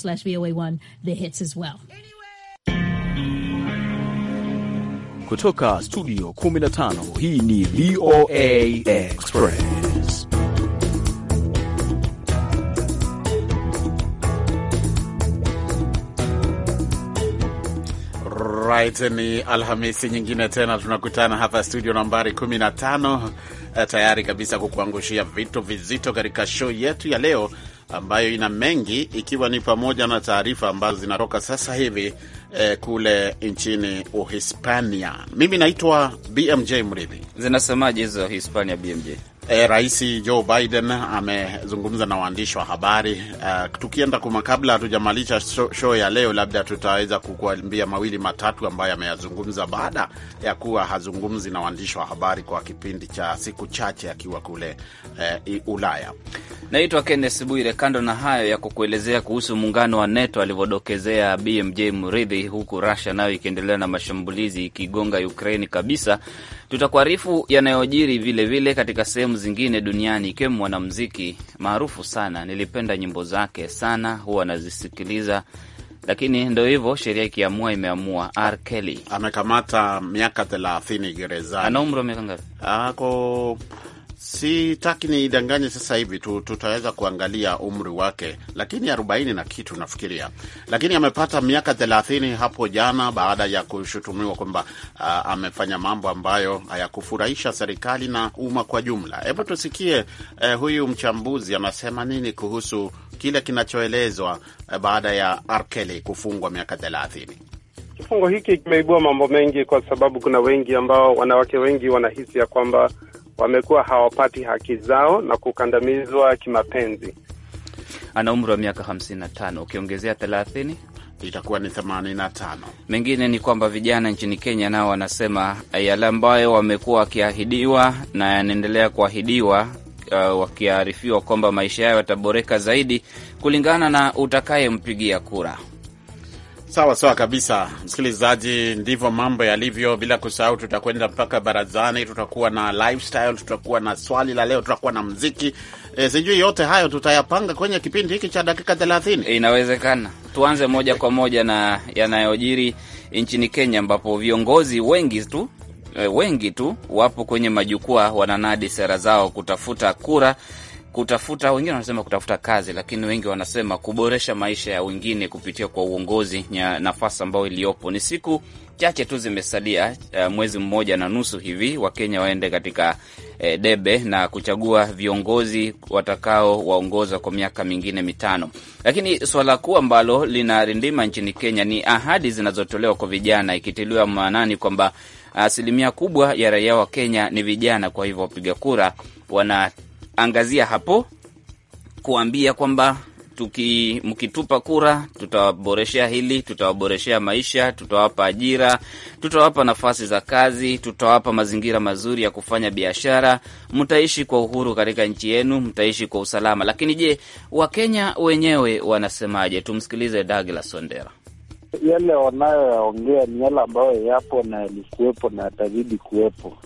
slash VOA1 the hits as well. Kutoka studio 15 hii ni VOA Express. Right, ni Alhamisi nyingine tena tunakutana hapa studio nambari 15 eh, tayari kabisa kukuangushia vitu vizito katika show yetu ya leo ambayo ina mengi, ikiwa ni pamoja na taarifa ambazo zinatoka sasa hivi eh, kule nchini Uhispania. Mimi naitwa BMJ Mridhi. Zinasemaje hizo Hispania, BMJ? E, eh, Rais Joe Biden amezungumza na waandishi wa habari uh, tukienda kuma, kabla hatujamalisha show, show ya leo, labda tutaweza kukuambia mawili matatu ambayo ameyazungumza baada ya kuwa hazungumzi na waandishi wa habari kwa kipindi cha siku chache akiwa kule uh, Ulaya. Naitwa Kennes Bwire. Kando na hayo ya kukuelezea kuhusu muungano wa NATO alivyodokezea BMJ mridhi huku Russia nayo ikiendelea na mashambulizi ikigonga Ukraini kabisa, tutakuarifu yanayojiri vilevile katika sehemu zingine duniani, ikiwemo mwanamuziki maarufu sana. Nilipenda nyimbo zake sana, huwa anazisikiliza lakini ndo hivyo, sheria ikiamua imeamua. R Kelly amekamata miaka thelathini gerezani. Ana umri wa miaka ngapi? Ako Sitaki nidanganye sasa hivi tu, tutaweza kuangalia umri wake, lakini arobaini na kitu nafikiria, lakini amepata miaka thelathini hapo jana baada ya kushutumiwa kwamba uh, amefanya mambo ambayo hayakufurahisha serikali na umma kwa jumla. Hebu tusikie uh, huyu mchambuzi anasema nini kuhusu kile kinachoelezwa uh, baada ya R. kufungwa miaka thelathini. Kifungo hiki kimeibua mambo mengi, kwa sababu kuna wengi ambao, wanawake wengi wanahisi ya kwamba wamekuwa hawapati haki zao na kukandamizwa kimapenzi. Ana umri wa miaka 55 ukiongezea 30 itakuwa ni 85. Mengine ni kwamba vijana nchini Kenya nao wanasema eh, yale ambayo wamekuwa wakiahidiwa na yanaendelea kuahidiwa Uh, wakiarifiwa kwamba maisha yao yataboreka zaidi kulingana na utakayempigia kura. Sawa sawa kabisa, msikilizaji, ndivyo mambo yalivyo. Bila kusahau, tutakwenda mpaka barazani, tutakuwa na lifestyle, tutakuwa na swali la leo, tutakuwa na mziki e, sijui yote hayo tutayapanga kwenye kipindi hiki cha dakika thelathini. Eh, inawezekana tuanze moja kwa moja na yanayojiri nchini Kenya, ambapo viongozi wengi tu eh, wengi tu wapo kwenye majukwaa wananadi sera zao kutafuta kura kutafuta, wengine wanasema kutafuta kazi, lakini wengi wanasema kuboresha maisha ya wengine kupitia kwa uongozi na nafasi ambayo iliyopo. Ni siku chache tu zimesalia, eh, mwezi mmoja na nusu hivi, Wakenya waende katika e, debe na kuchagua viongozi watakao waongoza kwa miaka mingine mitano. Lakini suala kuu ambalo linarindima nchini Kenya ni ahadi zinazotolewa kwa vijana, ikitiliwa maanani kwamba asilimia kubwa ya raia wa Kenya ni vijana. Kwa hivyo wapiga kura wana angazia hapo kuambia kwamba tuki, mkitupa kura tutawaboreshea hili, tutawaboreshea maisha, tutawapa ajira, tutawapa nafasi za kazi, tutawapa mazingira mazuri ya kufanya biashara, mtaishi kwa uhuru katika nchi yenu, mtaishi kwa usalama. Lakini je, Wakenya wenyewe wanasemaje? Tumsikilize Douglas Ondera. Yale wanayoyaongea ni yale ambayo yapo na yalikuwepo na yatazidi kuwepo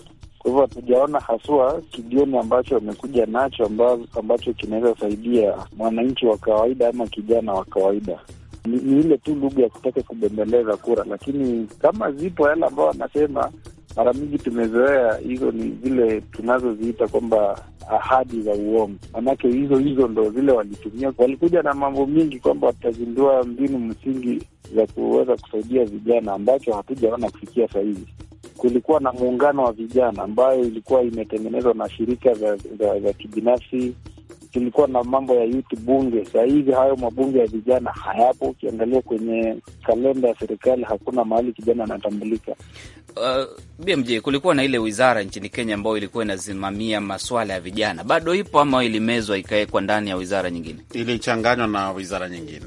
kwa hivyo hatujaona haswa kigioni ambacho wamekuja nacho ambacho kinaweza saidia mwananchi wa kawaida ama kijana wa kawaida. Ni, ni ile tu lugha ya kutaka kubembeleza kura, lakini kama zipo yale ambao wanasema mara mingi tumezoea hizo, ni zile tunazoziita kwamba ahadi za uongo. Manake hizo hizo ndo zile walitumia, walikuja na mambo mingi kwamba watazindua mbinu msingi za kuweza kusaidia vijana, ambacho hatujaona kufikia sahizi kulikuwa na muungano wa vijana ambayo ilikuwa imetengenezwa na shirika za kibinafsi. Tulikuwa na mambo ya youth bunge. Saa hizi hayo mabunge ya vijana hayapo. Ukiangalia kwenye kalenda ya serikali hakuna mahali kijana anatambulika. Uh, BMJ, kulikuwa na ile wizara nchini Kenya ambayo ilikuwa inasimamia maswala ya vijana, bado ipo ama ilimezwa ikawekwa ndani ya wizara nyingine, ilichanganywa na wizara nyingine?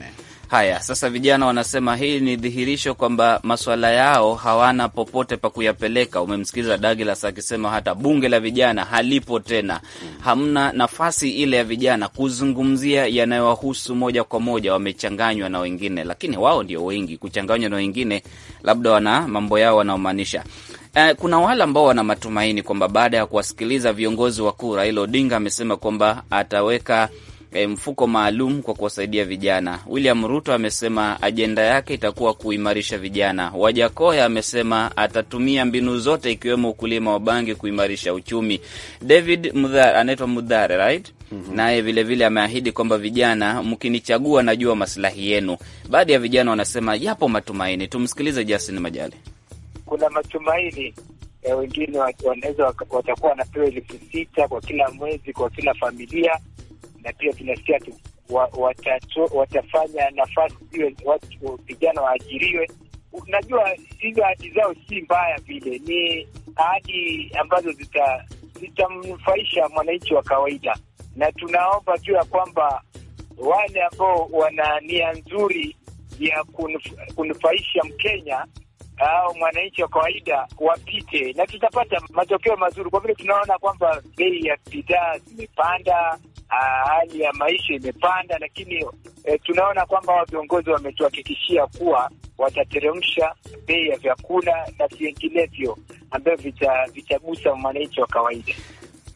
Haya, sasa vijana wanasema hii ni dhihirisho kwamba maswala yao hawana popote pa kuyapeleka. Umemsikiliza Douglas akisema hata bunge la vijana halipo tena, hamna nafasi ile ya vijana kuzungumzia yanayowahusu moja kwa moja, wamechanganywa na wengine, lakini wao ndio wengi kuchanganywa na wengine, labda wana mambo yao wanaomaanisha. Eh, kuna wale ambao wana matumaini kwamba baada ya kuwasikiliza viongozi wakuu, Raila Odinga amesema kwamba ataweka e, mfuko maalum kwa kuwasaidia vijana. William Ruto amesema ajenda yake itakuwa kuimarisha vijana. Wajakoya amesema atatumia mbinu zote ikiwemo ukulima wa bangi kuimarisha uchumi. David Mudhare anaitwa Mudhare, right? Mm -hmm. Naye vilevile ameahidi kwamba vijana, mkinichagua najua masilahi yenu. Baadhi ya vijana wanasema yapo matumaini. Tumsikilize Justin Majali. Kuna matumaini e, wengine wanaweza watakuwa wanapewa elfu sita kwa kila mwezi kwa kila familia na pia tunasikia tu watafanya nafasi ziwe vijana waajiriwe. Unajua, hizo ahadi zao si mbaya vile, ni ahadi ambazo zitamnufaisha zita mwananchi wa kawaida, na tunaomba juu ya kwamba wale ambao wana nia nzuri ya kunufaisha Mkenya au mwananchi wa kawaida wapite, na tutapata matokeo mazuri, kwa vile tunaona kwamba bei ya bidhaa zimepanda Ah, hali ya maisha imepanda, lakini e, tunaona kwamba hawa viongozi wametuhakikishia kuwa watateremsha bei ya vyakula na vinginevyo ambavyo vitagusa mwananchi wa kawaida.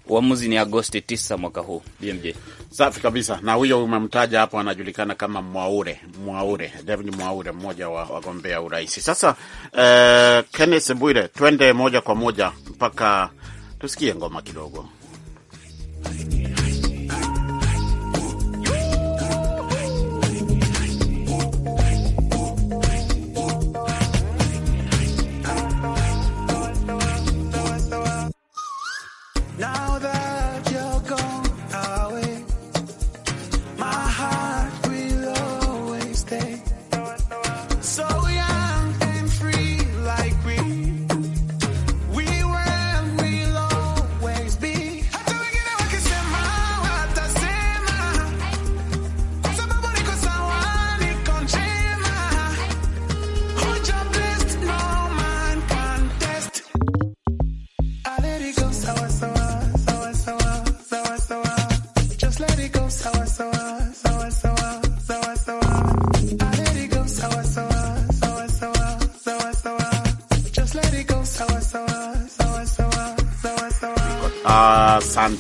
Uamuzi ni Agosti 9 mwaka huu. BMJ safi kabisa. Na huyo umemtaja hapo anajulikana kama Mwaure, Mwaure, David Mwaure, mmoja wa wagombea urais. Sasa eh, Kenneth Bwire, twende moja kwa moja mpaka tusikie ngoma kidogo.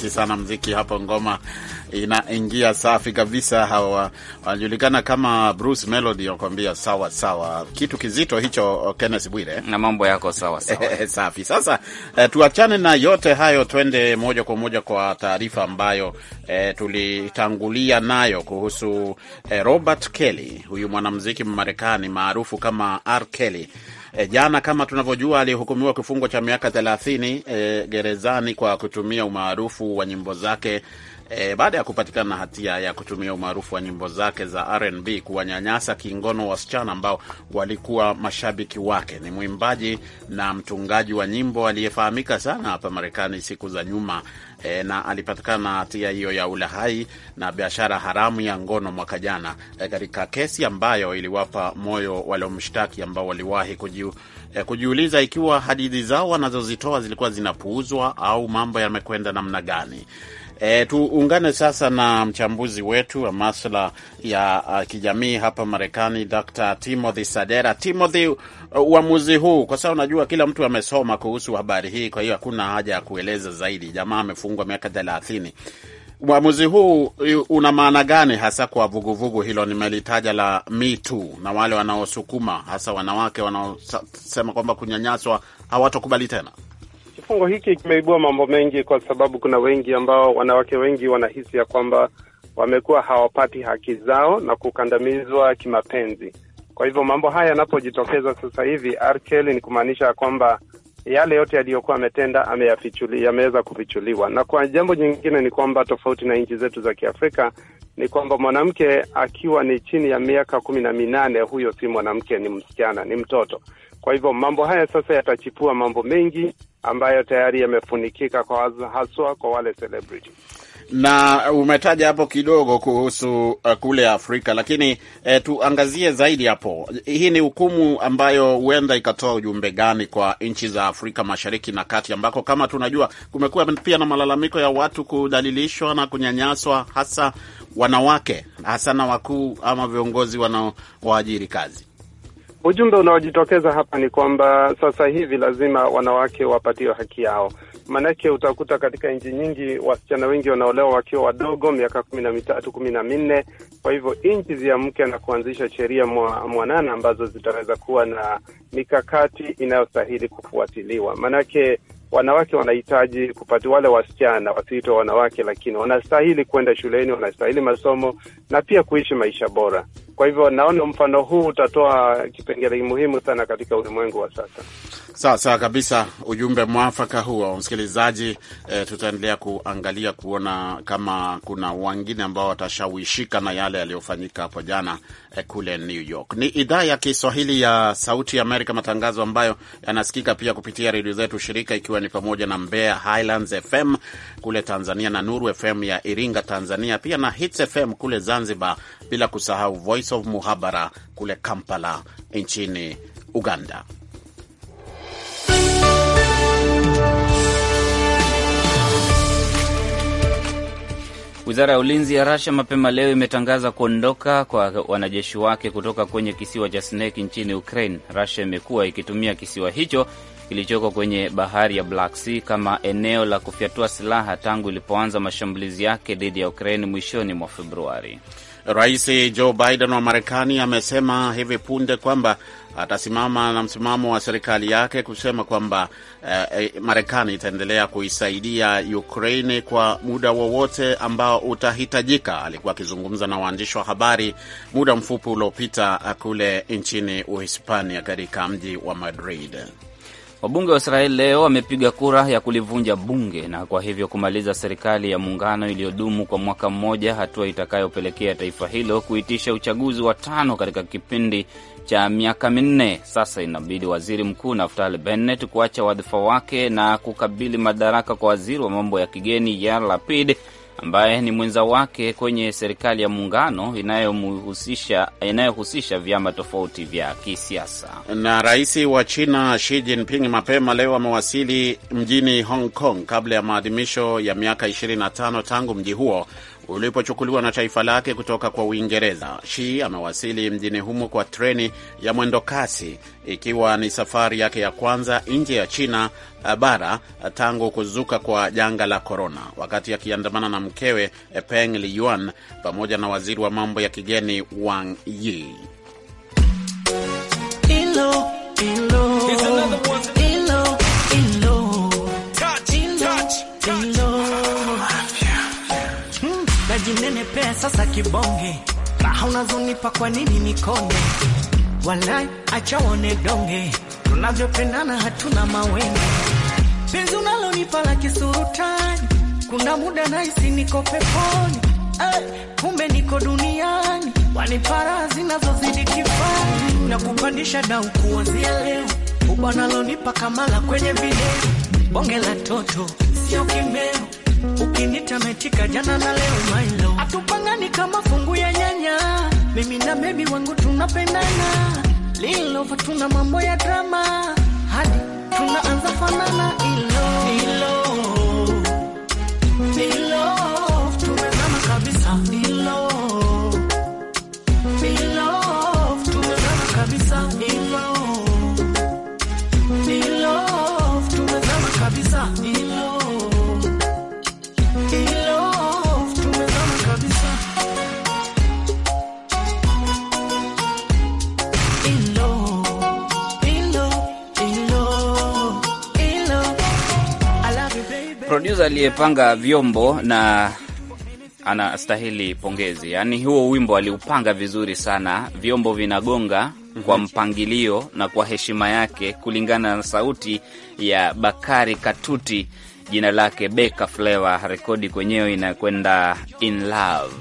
mkamiti sana mziki hapo, ngoma inaingia safi kabisa. Hawa wanajulikana kama Bruce Melody, wakwambia sawa sawa, kitu kizito hicho. Kenneth Bwire, na mambo yako sawa sawa. Safi. Sasa eh, tuachane na yote hayo, twende moja kwa moja kwa taarifa ambayo eh, tulitangulia nayo kuhusu eh, Robert Kelly, huyu mwanamziki Mmarekani maarufu kama R Kelly E, jana kama tunavyojua alihukumiwa kifungo cha miaka thelathini e, gerezani kwa kutumia umaarufu wa nyimbo zake E, baada ya kupatikana na hatia ya kutumia umaarufu wa nyimbo zake za R&B kuwanyanyasa kingono wasichana ambao walikuwa mashabiki wake. Ni mwimbaji na mtungaji wa nyimbo aliyefahamika sana hapa Marekani siku za nyuma. E, na alipatikana na hatia hiyo ya ulahai na biashara haramu ya ngono mwaka jana e, katika e, kesi ambayo iliwapa moyo waliomshtaki ambao waliwahi kujiu, e, kujiuliza ikiwa hadithi zao wanazozitoa zilikuwa zinapuuzwa au mambo yamekwenda namna gani. E, tuungane sasa na mchambuzi wetu wa masuala ya uh, kijamii hapa Marekani, Dr. Timothy Sadera. Timothy, uh, uamuzi huu kwa sababu unajua kila mtu amesoma kuhusu habari hii, kwa hiyo hakuna haja ya kueleza zaidi. Jamaa amefungwa miaka thelathini. Uamuzi huu uh, una maana gani hasa kwa vuguvugu vugu hilo nimelitaja la Me Too na wale wanaosukuma hasa wanawake wanaosema kwamba kunyanyaswa hawatokubali tena? Kifungo hiki kimeibua mambo mengi, kwa sababu kuna wengi ambao, wanawake wengi wanahisi ya kwamba wamekuwa hawapati haki zao na kukandamizwa kimapenzi. Kwa hivyo mambo haya yanapojitokeza sasa hivi, R Kelly, ni kumaanisha ya kwamba yale yote yaliyokuwa ametenda ameyafichuli, yameweza kufichuliwa. Na kwa jambo nyingine ni kwamba tofauti na nchi zetu za Kiafrika ni kwamba mwanamke akiwa ni chini ya miaka kumi na minane, huyo si mwanamke, ni msichana, ni mtoto. Kwa hivyo mambo haya sasa yatachipua mambo mengi ambayo tayari yamefunikika kwa haswa kwa wale celebrity. Na umetaja hapo kidogo kuhusu uh, kule Afrika, lakini eh, tuangazie zaidi hapo. Hii ni hukumu ambayo huenda ikatoa ujumbe gani kwa nchi za Afrika Mashariki na Kati, ambako kama tunajua kumekuwa pia na malalamiko ya watu kudhalilishwa na kunyanyaswa, hasa wanawake, hasa na wakuu ama viongozi wanaoajiri kazi. Ujumbe unaojitokeza hapa ni kwamba sasa hivi lazima wanawake wapatiwe haki yao, maanake utakuta katika nchi nyingi wasichana wengi wanaolewa wakiwa wadogo, miaka kumi na mitatu, kumi na minne. Kwa hivyo nchi ziamke na kuanzisha sheria mwa, mwanana ambazo zitaweza kuwa na mikakati inayostahili kufuatiliwa, maanake wanawake wanahitaji kupata, wale wasichana wasiitwa wanawake, lakini wanastahili kwenda shuleni, wanastahili masomo na pia kuishi maisha bora. Kwa hivyo naona mfano huu utatoa kipengele muhimu sana katika ulimwengu wa sasa sawa sawa kabisa, ujumbe mwafaka huo msikilizaji. E, tutaendelea kuangalia kuona kama kuna wengine ambao watashawishika na yale yaliyofanyika hapo jana e, kule New York. Ni idhaa ya Kiswahili ya Sauti Amerika, matangazo ambayo yanasikika pia kupitia redio zetu shirika, ikiwa ni pamoja na Mbeya Highlands FM kule Tanzania na Nuru FM ya Iringa, Tanzania, pia na Hits FM kule Zanzibar, bila kusahau Voice of Muhabara kule Kampala nchini Uganda. Wizara ya ulinzi ya Rasha mapema leo imetangaza kuondoka kwa wanajeshi wake kutoka kwenye kisiwa cha Snake nchini Ukraine. Rasha imekuwa ikitumia kisiwa hicho kilichoko kwenye bahari ya Black Sea kama eneo la kufyatua silaha tangu ilipoanza mashambulizi yake dhidi ya Ukraine mwishoni mwa Februari. Rais Joe Biden wa Marekani amesema hivi punde kwamba atasimama na msimamo wa serikali yake kusema kwamba eh, eh Marekani itaendelea kuisaidia Ukraini kwa muda wowote ambao utahitajika. Alikuwa akizungumza na waandishi wa habari muda mfupi uliopita kule nchini Uhispania katika mji wa Madrid. Wabunge wa Israeli leo wamepiga kura ya kulivunja bunge na kwa hivyo kumaliza serikali ya muungano iliyodumu kwa mwaka mmoja, hatua itakayopelekea taifa hilo kuitisha uchaguzi wa tano katika kipindi cha miaka minne. Sasa inabidi waziri mkuu Naftali Bennett kuacha wadhifa wake na kukabili madaraka kwa waziri wa mambo ya kigeni Yair Lapid ambaye ni mwenza wake kwenye serikali ya muungano inayohusisha inayohusisha vyama tofauti vya kisiasa. Na rais wa China Xi Jinping mapema leo amewasili mjini Hong Kong kabla ya maadhimisho ya miaka 25 tangu mji huo ulipochukuliwa na taifa lake kutoka kwa Uingereza. Shi amewasili mjini humo kwa treni ya mwendokasi, ikiwa ni safari yake ya kwanza nje ya China eh, bara eh, tangu kuzuka kwa janga la korona, wakati akiandamana na mkewe eh, Peng Liyuan pamoja na waziri wa mambo ya kigeni Wang Yi. ni pesa za kibonge, raha unazonipa kwa nini nikonde? Walai, acha one donge, tunavyopendana hatuna mawenge. Penzi unalonipa la kisurutani, kuna muda nahisi niko peponi, eh, kumbe niko duniani, wanipara zinazozidi kifani na kupandisha dau kuanzia leo, ubwanalonipa kamala kwenye video, bonge la toto sio kimeo ukinitametika jana na leo mailo atupangani kama fungu ya nyanya. Mimi na bebi wangu tunapendana, love tuna mambo ya drama hadi tunaanza fanana ilo, ilo, ilo. kwanza aliyepanga vyombo na anastahili pongezi. Yaani huo wimbo aliupanga vizuri sana, vyombo vinagonga kwa mhm. mpangilio na kwa heshima yake, kulingana na sauti ya Bakari Katuti, jina lake Beka Fleva. Rekodi kwenyewe inakwenda in love.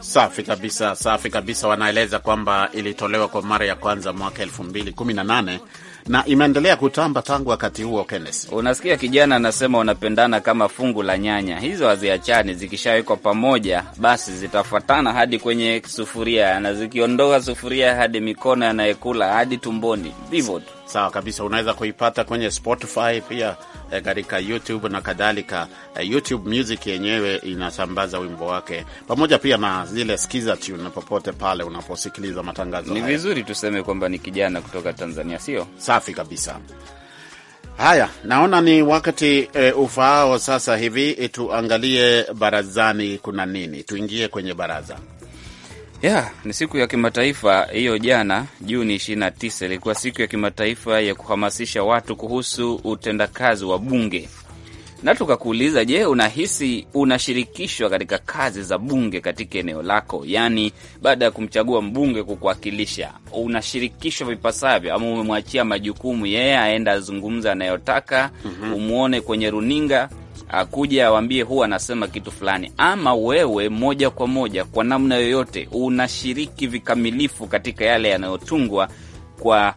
Safi kabisa, safi kabisa. Wanaeleza kwamba ilitolewa kwa mara ya kwanza mwaka elfu mbili kumi na nane na imeendelea kutamba tangu wakati huo. Kenes, unasikia kijana anasema wanapendana kama fungu la nyanya. Hizo haziachani, zikishawekwa pamoja basi zitafuatana hadi kwenye sufuria, na zikiondoka sufuria hadi mikono yanayekula hadi tumboni, vivyo tu. Sawa kabisa, unaweza kuipata kwenye Spotify pia eh, katika e, YouTube na kadhalika. E, YouTube Music yenyewe inasambaza wimbo wake pamoja pia na zile skiza tune popote pale unaposikiliza matangazo. Ni vizuri tuseme kwamba ni kijana kutoka Tanzania, sio? Safi kabisa. Haya, naona ni wakati e, ufaao sasa hivi tuangalie barazani, kuna nini? Tuingie kwenye baraza. Yeah, ni siku ya kimataifa hiyo. Jana Juni 29 ilikuwa siku ya kimataifa ya kuhamasisha watu kuhusu utendakazi wa bunge, na tukakuuliza, je, unahisi unashirikishwa katika kazi za bunge katika eneo lako? Yaani, baada ya kumchagua mbunge kukuwakilisha, unashirikishwa vipasavyo ama umemwachia majukumu yeye, yeah, aenda azungumza anayotaka, mm -hmm. umwone kwenye runinga akuja awambie huwa anasema kitu fulani, ama wewe moja kwa moja kwa namna yoyote unashiriki vikamilifu katika yale yanayotungwa kwa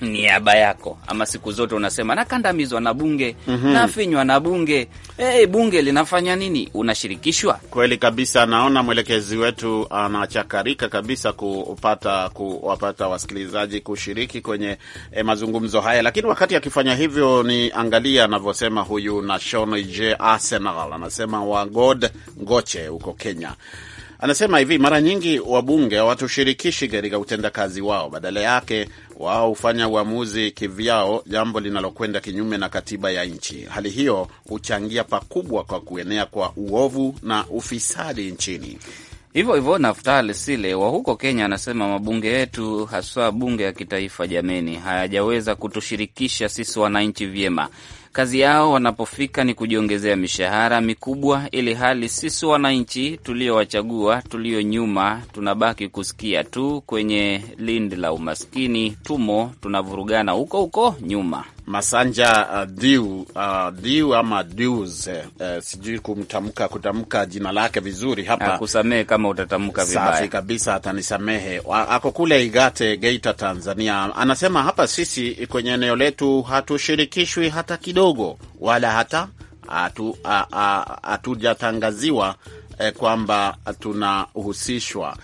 niaba yako, ama siku zote unasema nakandamizwa na bunge mm -hmm. nafinywa na bunge. Hey, eh, bunge linafanya nini? Unashirikishwa kweli kabisa. Naona mwelekezi wetu anachakarika kabisa kupata kuwapata wasikilizaji kushiriki kwenye eh, mazungumzo haya, lakini wakati akifanya hivyo ni angalia anavyosema huyu Nashon J Arsenal anasema wagod ngoche huko Kenya Anasema hivi, mara nyingi wabunge hawatushirikishi katika utendakazi wao, badala yake wao hufanya uamuzi kivyao, jambo linalokwenda kinyume na katiba ya nchi. Hali hiyo huchangia pakubwa kwa kuenea kwa uovu na ufisadi nchini. Hivyo hivyo Naftali Sile wa huko Kenya anasema mabunge yetu, haswa bunge ya kitaifa, jameni, hayajaweza kutushirikisha sisi wananchi vyema. Kazi yao wanapofika ni kujiongezea mishahara mikubwa, ili hali sisi wananchi tuliowachagua, tulio nyuma, tunabaki kusikia tu kwenye lindi la umaskini, tumo tunavurugana huko huko nyuma. Masanja uh, Diu, uh, Diu ama dus uh, eh, eh, sijui kumtamka kutamka jina lake vizuri hapa. Akusamehe kama utatamka vibaya. Safi kabisa, atanisamehe. Ako kule Igate, Geita, Tanzania. Anasema hapa sisi kwenye eneo letu hatushirikishwi hata kidogo, wala hata hatujatangaziwa eh, kwamba tunahusishwa,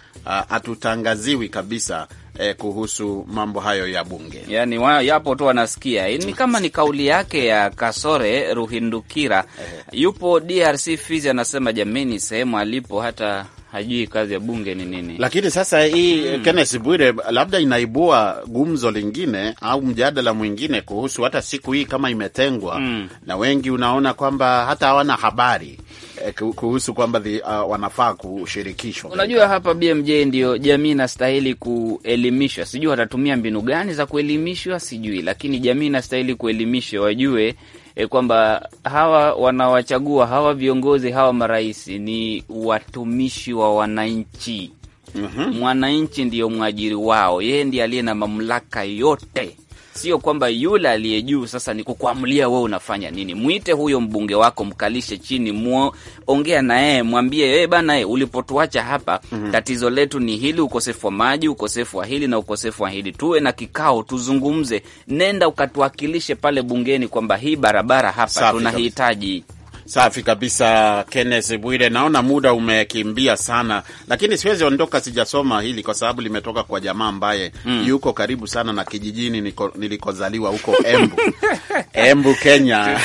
hatutangaziwi kabisa eh, kuhusu mambo hayo ya bunge. Yani yapo tu wanasikia ni mm. kama ni kauli yake ya Kasore Ruhindukira, yupo DRC Fizi, anasema jamini, sehemu alipo hata hajui kazi ya bunge ni nini. Lakini sasa hii mm. Kenneth Bwire, labda inaibua gumzo lingine au mjadala mwingine kuhusu hata siku hii kama imetengwa mm. na wengi unaona kwamba hata hawana habari eh, kuhusu kwamba uh, wanafaa kushirikishwa. Unajua, hapa BMJ ndio jamii inastahili kuelimishwa. Sijui watatumia mbinu gani za kuelimishwa, sijui, lakini jamii inastahili kuelimishwa, wajue e, kwamba hawa wanawachagua hawa viongozi hawa marais ni watumishi wa wananchi. Mhm. Mwananchi ndiyo mwajiri wao, yeye ndiye aliye na mamlaka yote sio kwamba yule aliye juu sasa ni kukuamulia wewe unafanya nini. Mwite huyo mbunge wako, mkalishe chini, muongea ongea na yeye, mwambie yeye, eh, bana, e, ulipotuacha hapa mm -hmm. tatizo letu ni hili, ukosefu wa maji, ukosefu wa hili na ukosefu wa hili. Tuwe na kikao, tuzungumze, nenda ukatuwakilishe pale bungeni kwamba hii barabara hapa tunahitaji Safi kabisa, Kenneth Bwire. Naona muda umekimbia sana, lakini siwezi ondoka sijasoma hili kwa sababu limetoka kwa jamaa ambaye mm. yuko karibu sana na kijijini nilikozaliwa huko Embu Embu, Kenya.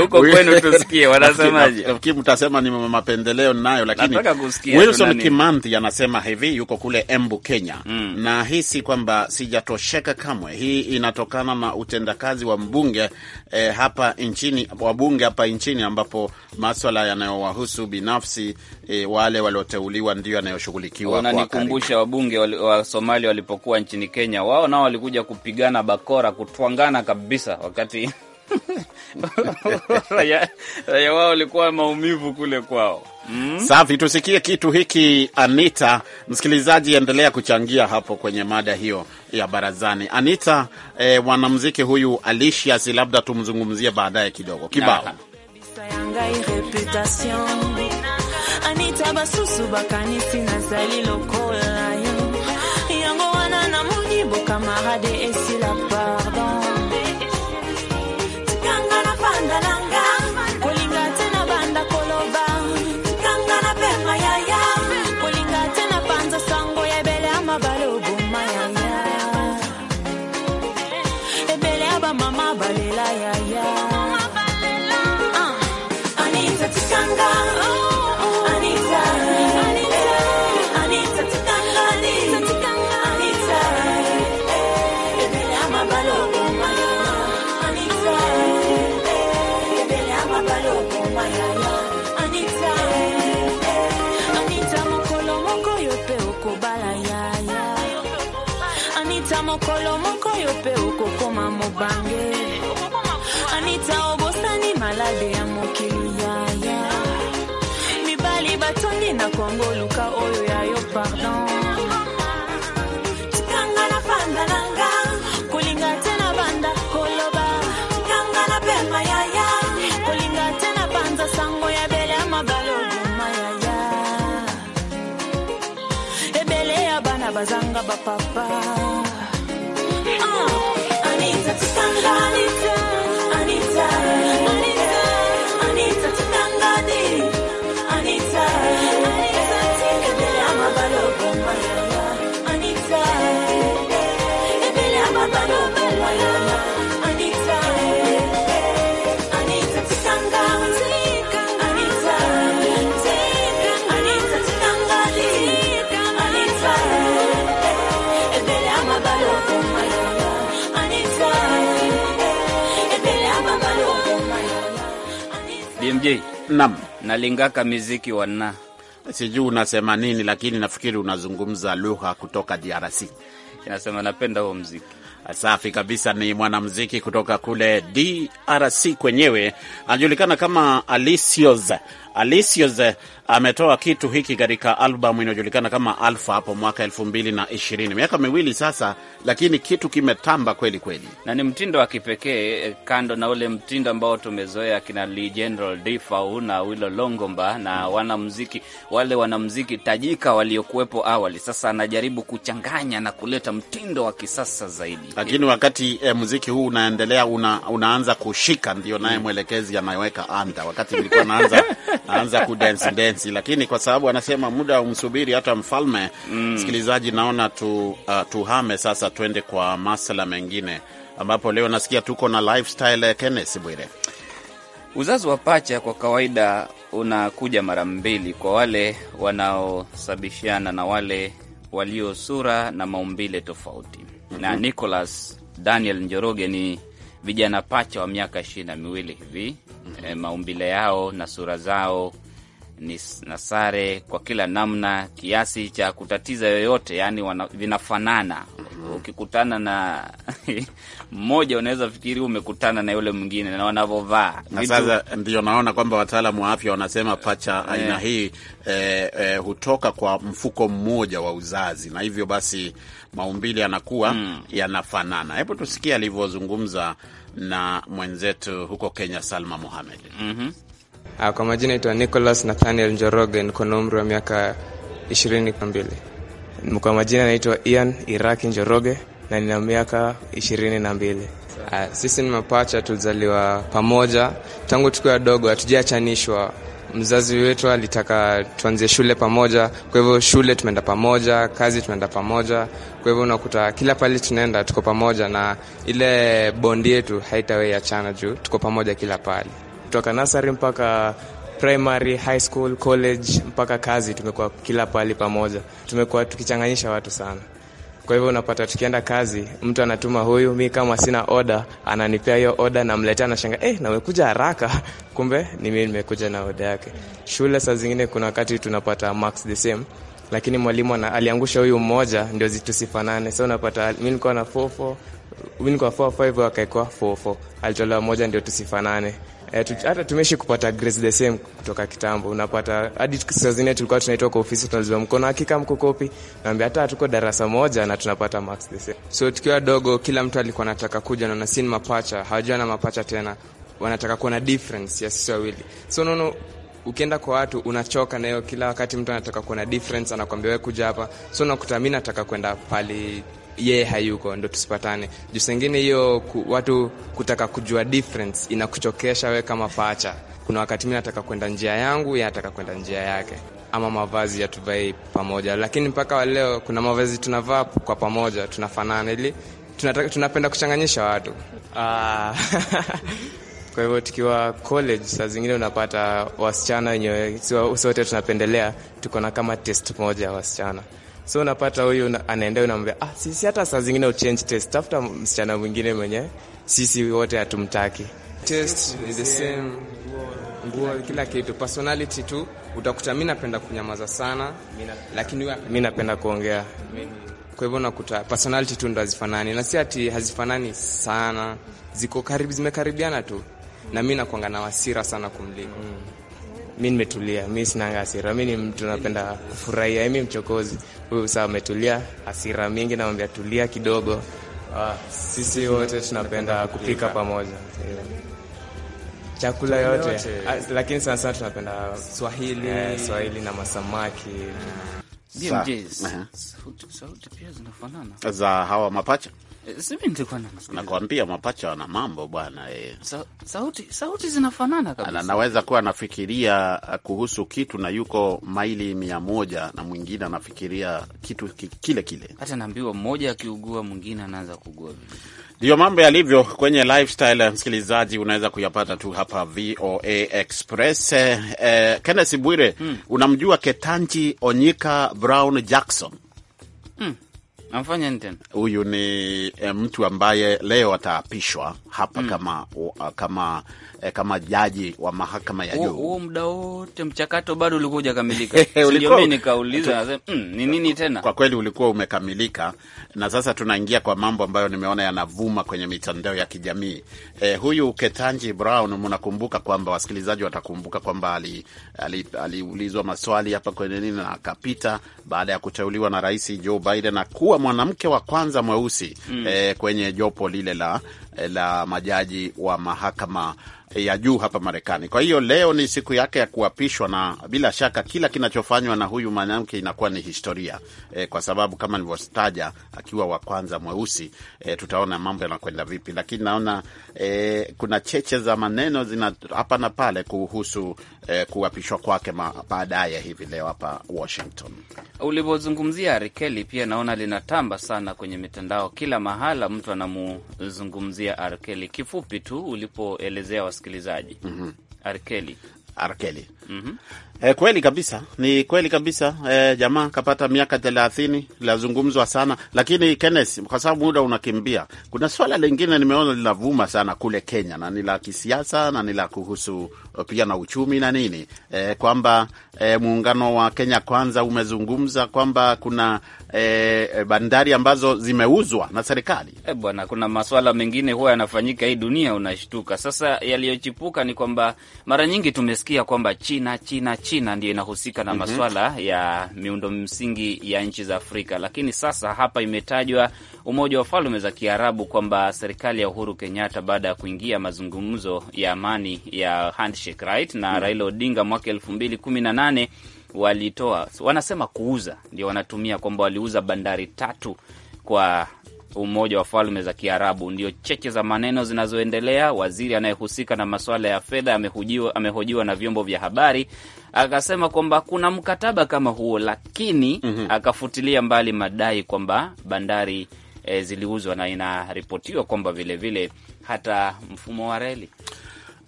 Huko kwenu tusikie wanasemaje. Mtasema ni mapendeleo nayo, lakini Wilson Kimanthi anasema hivi, yuko kule Embu, Kenya mm. na nahisi kwamba sijatosheka kamwe. Hii inatokana na utendakazi wa mbunge eh, hapa nchini, wabunge hapa nchini ambapo maswala yanayowahusu binafsi e, wale walioteuliwa ndio yanayoshughulikiwa. Wananikumbusha wabunge wa Somalia walipokuwa nchini Kenya, wao nao walikuja kupigana bakora, kutwangana kabisa wakati raia wao walikuwa maumivu kule kwao. Mm. Safi, tusikie kitu hiki Anita. Msikilizaji, endelea kuchangia hapo kwenye mada hiyo ya barazani. Anita, eh, huyu Alicious, labda tumzungumzie baadaye kidogo kibao ngai reputation anita basusu bakanisi nazali lokola yo yango wana namongi bokamarade esila mpe okokoma mobange anita obosani malade ya mokili yaya mibali batondi na kongo luka oyo ya yo pardon tikanga na panda nga kolinga koloba na kolinga ya Charlie. BMJ nam nalingaka miziki wana sijui unasema nini, lakini nafikiri unazungumza lugha kutoka DRC. Inasema napenda huo mziki. Safi kabisa, ni mwanamziki kutoka kule DRC kwenyewe, anajulikana kama Alisios. Alisios ametoa kitu hiki katika albamu inayojulikana kama Alfa hapo mwaka elfu mbili na ishirini, miaka miwili sasa, lakini kitu kimetamba kweli kweli, na ni mtindo wa kipekee, kando na ule mtindo ambao tumezoea kina Lee General Defau na Wilo Longomba na wanamziki wale wanamziki tajika waliokuwepo awali. Sasa anajaribu kuchanganya na kuleta mtindo wa kisasa zaidi, lakini wakati eh, muziki huu unaendelea una, unaanza kushika, ndio naye mm. mwelekezi anaweka anda, wakati nilikuwa naanza naanza Sensi, lakini kwa sababu anasema muda umsubiri hata mfalme mm. Msikilizaji, naona tu, uh, tuhame sasa twende kwa masala mengine, ambapo leo nasikia tuko na lifestyle ya Kenneth Bwire. Uzazi wa pacha kwa kawaida unakuja mara mbili kwa wale wanaosababishana na wale walio sura na maumbile tofauti mm -hmm. na Nicholas Daniel Njoroge ni vijana pacha wa miaka ishirini na miwili hivi mm -hmm. E, maumbile yao na sura zao na sare kwa kila namna, kiasi cha kutatiza yoyote, yani vinafanana. Ukikutana na mmoja unaweza fikiri umekutana na yule mwingine na wanavyovaa Sasa ndio naona kwamba wataalamu wa afya wanasema pacha eh. aina hii eh, eh, hutoka kwa mfuko mmoja wa uzazi na hivyo basi maumbili yanakuwa mm, yanafanana. Hebu tusikie alivyozungumza na mwenzetu huko Kenya, Salma muhamed mm -hmm. Uh, Kwa majina itwa Nicholas Nathaniel Njoroge, niko na umri wa miaka ishirini na mbili. Kwa majina naitwa Ian Iraki Njoroge na nina miaka ishirini na mbili. Ah, sisi ni mapacha, tulizaliwa pamoja tangu tukiwa wadogo, hatujaachanishwa. Mzazi wetu alitaka tuanze shule pamoja, kwa hivyo shule tumeenda pamoja, kazi tumeenda pamoja. Kwa hivyo unakuta kila pale tunaenda tuko pamoja, na ile bondi yetu haitawei achana juu tuko pamoja kila pale kutoka nasari mpaka primary, high school, college mpaka kazi, tumekuwa kila pahali pamoja. Tumekuwa tukichanganyisha watu sana, kwa hivyo unapata tukienda kazi, mtu anatuma huyu, mi kama sina oda ananipea hiyo oda, namletea, nashanga eh, namekuja haraka, kumbe ni mimi nimekuja na oda yake. Shule saa zingine kuna wakati tunapata marks the same lakini mwalimu aliangusha huyu mmoja ndio tusifanane. Sasa unapata mi nikuwa na 4-4 mi nikuwa 4-5 45 4-4, alitolewa moja ndio tusifanane. Eh, tu, hata tumeshi kupata grace the same kutoka kitambo. Unapata hadi saa zingine tulikuwa tunaitwa kwa ofisi tunalizwa mkono, hakika mko kopi, naambia hata tuko darasa moja na tunapata marks the same. So tukiwa dogo, kila mtu alikuwa anataka kuja na nasini mapacha, hawajua na mapacha tena, wanataka kuona difference ya sisi wawili, so nono ukienda kwa watu unachoka nayo, kila wakati mtu anataka kuona difference, anakwambia wewe kuja hapa, so nakuta mimi nataka kwenda pali yeye hayuko, ndo tusipatane. Juu sengine hiyo ku, watu kutaka kujua difference inakuchokesha we kama pacha. Kuna wakati mi nataka kwenda njia yangu, yeye ataka kwenda njia yake, ama mavazi yatuvai pamoja, lakini mpaka waleo kuna mavazi tunavaa kwa pamoja, tunafanana ili tunataka, tunapenda kuchanganyisha watu ah. Kwa hivyo tukiwa college, saa zingine unapata wasichana wenyewe sote tunapendelea, tuko na kama test moja ya wasichana So unapata huyu anaenda unamwambia, ah, sisi hata saa zingine uchange test, tafuta msichana mwingine mwenye sisi wote hatumtaki. Test ni the same, nguo kila kitu, personality tu. Utakuta mi napenda kunyamaza sana, lakini mi napenda kuongea, kwa hivyo unakuta personality tu ndo hazifanani, na si ati hazifanani sana, ziko karibu, zimekaribiana tu, na mi nakwanga na wasira sana kumliko mm mi nimetulia, mi sinanga hasira, mi ni mtu napenda kufurahia. Mi mchokozi huyu saa ametulia, hasira mingi, namwambia tulia kidogo. Ah, sisi wote tunapenda kupika pamoja chakula yote, ah, Lakini sana sana tunapenda Swahili, eh, Swahili na masamaki za hawa mapacha Eh, Simi nilikuwa nakwambia mapacha wana mambo bwana e. Sa, sauti, sauti zinafanana kabisa. Anaweza kuwa anafikiria eh, kuhusu kitu na yuko maili mia moja na mwingine anafikiria kitu kile kile, hata naambiwa mmoja akiugua mwingine anaanza kuugua vile. Ndiyo mambo yalivyo kwenye lifestyle, msikilizaji, unaweza kuyapata tu hapa VOA Express. Eh, Kenneth Bwire, hmm. Unamjua Ketanji Onyika Brown Jackson? Hmm amfanya nini tena? Huyu ni eh, mtu ambaye leo ataapishwa hapa mm. kama, uh, kama eh, kama jaji wa mahakama ya juu. Huo muda wote mchakato bado ulikuwa hujakamilika. Ulikuwa mimi nikauliza mm, ni nini tena? Kwa kweli ulikuwa umekamilika, na sasa tunaingia kwa mambo ambayo nimeona yanavuma kwenye mitandao ya kijamii. Eh, huyu Ketanji Brown, mnakumbuka kwamba wasikilizaji watakumbuka kwamba aliulizwa ali, ali maswali hapa kwenye nini na akapita baada ya kuteuliwa na Rais Joe Biden na kuwa mwanamke wa kwanza mweusi mm. eh, kwenye jopo lile la la majaji wa mahakama ya juu hapa Marekani. Kwa hiyo leo ni siku yake ya kuapishwa, na bila shaka kila kinachofanywa na huyu mwanamke inakuwa ni historia e, kwa sababu kama nilivyotaja, akiwa wa kwanza mweusi e, tutaona mambo yanakwenda vipi, lakini naona e, kuna cheche za maneno zina hapa na pale kuhusu e, kuapishwa kwake baadaye hivi leo hapa Washington. Ulivyozungumzia Harry pia naona linatamba sana kwenye mitandao, kila mahala mtu anamuzungumzia Harry Kifupi tu ulipoelezea wasi msikilizaji mm -hmm. Arkeli Arkeli mm -hmm. E, kweli kabisa, ni kweli kabisa. E, jamaa kapata miaka thelathini, lazungumzwa sana lakini, Kenneth, kwa sababu muda unakimbia, kuna swala lingine nimeona linavuma sana kule Kenya na ni la kisiasa na ni la kuhusu eh, pia na uchumi na nini e, kwamba e, muungano wa Kenya Kwanza umezungumza kwamba kuna e, bandari ambazo zimeuzwa na serikali. E, bwana, kuna maswala mengine huwa yanafanyika hii dunia, unashtuka sasa. Yaliyochipuka ni kwamba mara nyingi tumesikia kwamba chi China, China, China ndio inahusika na mm -hmm. ya miundo msingi ya nchi za Afrika, lakini sasa hapa imetajwa Umoja wa Falme za Kiarabu kwamba serikali ya Uhuru Kenyatta baada ya kuingia mazungumzo ya amani ya handshake right na mm -hmm. Raila Odinga mwaka elfu mbili kumi na nane walitoa wanasema kuuza, ndio wanatumia kwamba waliuza bandari tatu kwa Umoja wa Falme za Kiarabu. Ndio cheche za maneno zinazoendelea. Waziri anayehusika na masuala ya fedha amehojiwa, amehojiwa na vyombo vya habari akasema kwamba kuna mkataba kama huo, lakini mm -hmm. akafutilia mbali madai kwamba bandari e, ziliuzwa na inaripotiwa kwamba vilevile hata mfumo wa reli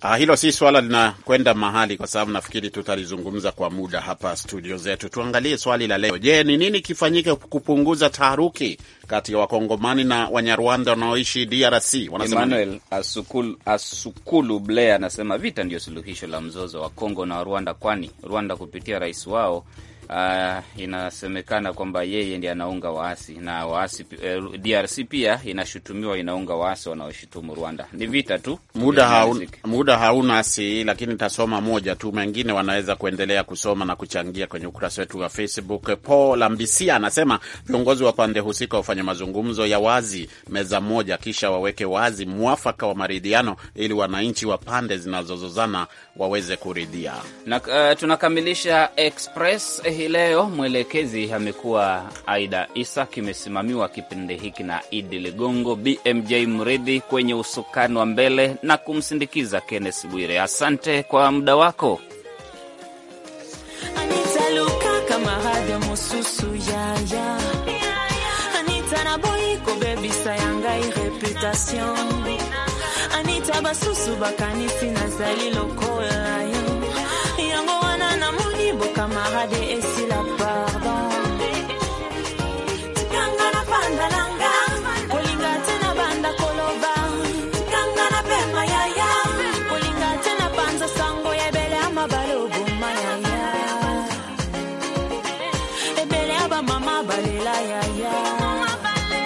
Ah, hilo si swala linakwenda mahali, kwa sababu nafikiri tutalizungumza kwa muda hapa studio zetu. Tuangalie swali la leo. Je, ni nini kifanyike kupunguza taharuki kati ya wakongomani na Wanyarwanda wanaoishi DRC? Wanasema Emmanuel Asukulu, Asukulu Blair anasema vita ndio suluhisho la mzozo wa Kongo na Rwanda, kwani Rwanda kupitia rais wao uh, inasemekana kwamba yeye ndiye anaunga waasi na waasi. Uh, eh, DRC pia inashutumiwa inaunga waasi wanaoshutumu Rwanda. Ni vita tu, muda, haun, muda hauna si, lakini nitasoma moja tu, mengine wanaweza kuendelea kusoma na kuchangia kwenye ukurasa wetu wa Facebook. Paul Lambisia anasema viongozi wa pande husika wafanye mazungumzo ya wazi, meza moja, kisha waweke wazi mwafaka wa maridhiano ili wananchi wa pande zinazozozana waweze kuridhia na, uh, tunakamilisha express hii leo mwelekezi amekuwa Aida Isa. Kimesimamiwa kipindi hiki na Idi Ligongo, BMJ Mridhi kwenye usukani wa mbele na kumsindikiza kennes Bwire. Asante kwa muda wako. Anita Mahade Esila.